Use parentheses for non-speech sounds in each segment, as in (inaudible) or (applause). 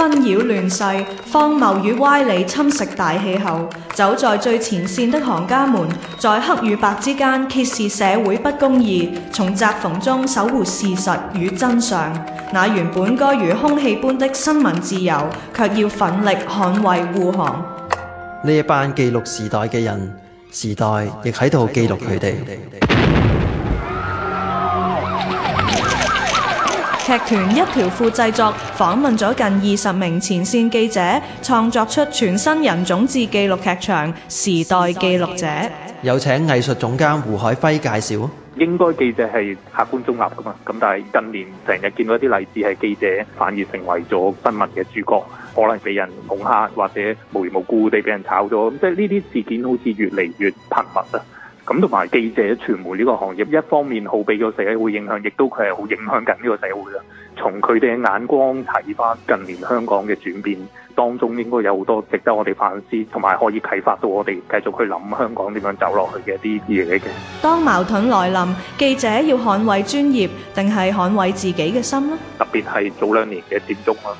紛擾亂世，荒謬與歪理侵蝕大氣候。走在最前綫的行家們，在黑與白之間揭示社會不公義，從窄縫中守護事實與真相。那原本該如空氣般的新聞自由，卻要奮力捍衛護航。呢一班記錄時代嘅人，時代亦喺度記錄佢哋。 (noise) 劇團一條褲製作訪問咗近二十名前線記者，創作出全新人種志紀錄劇場《時代記錄者》，有請藝術總監胡海輝介紹。應該記者係客觀中立噶嘛？咁但係近年成日見到啲例子係記者反而成為咗新聞嘅主角，可能俾人恐嚇或者無緣無故地俾人炒咗，咁即係呢啲事件好似越嚟越頻密啦。咁同埋記者傳媒呢個行業一方面好俾個社會影響，亦都佢係好影響緊呢個社會啦。從佢哋嘅眼光睇翻近年香港嘅轉變，當中應該有好多值得我哋反思，同埋可以啟發到我哋繼續去諗香港點樣走落去嘅啲嘢嘅。當矛盾來臨，記者要捍衛專業定係捍衛自己嘅心呢？特別係早兩年嘅佔中啊。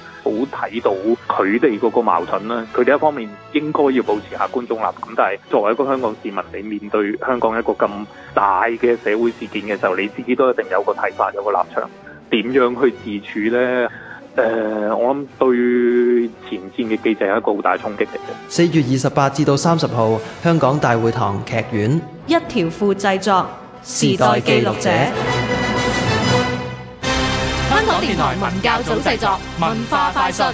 睇到佢哋嗰個矛盾啦，佢哋一方面應該要保持下觀眾立，咁但係作為一個香港市民，你面對香港一個咁大嘅社會事件嘅時候，你自己都一定有個睇法，有個立場，點樣去自處咧？誒、呃，我諗對前線嘅記者係一個好大衝擊力嘅。四月二十八至到三十號，香港大會堂劇院，一條褲製作，時代記錄者。香港電台文教組製作，《文化快訊》。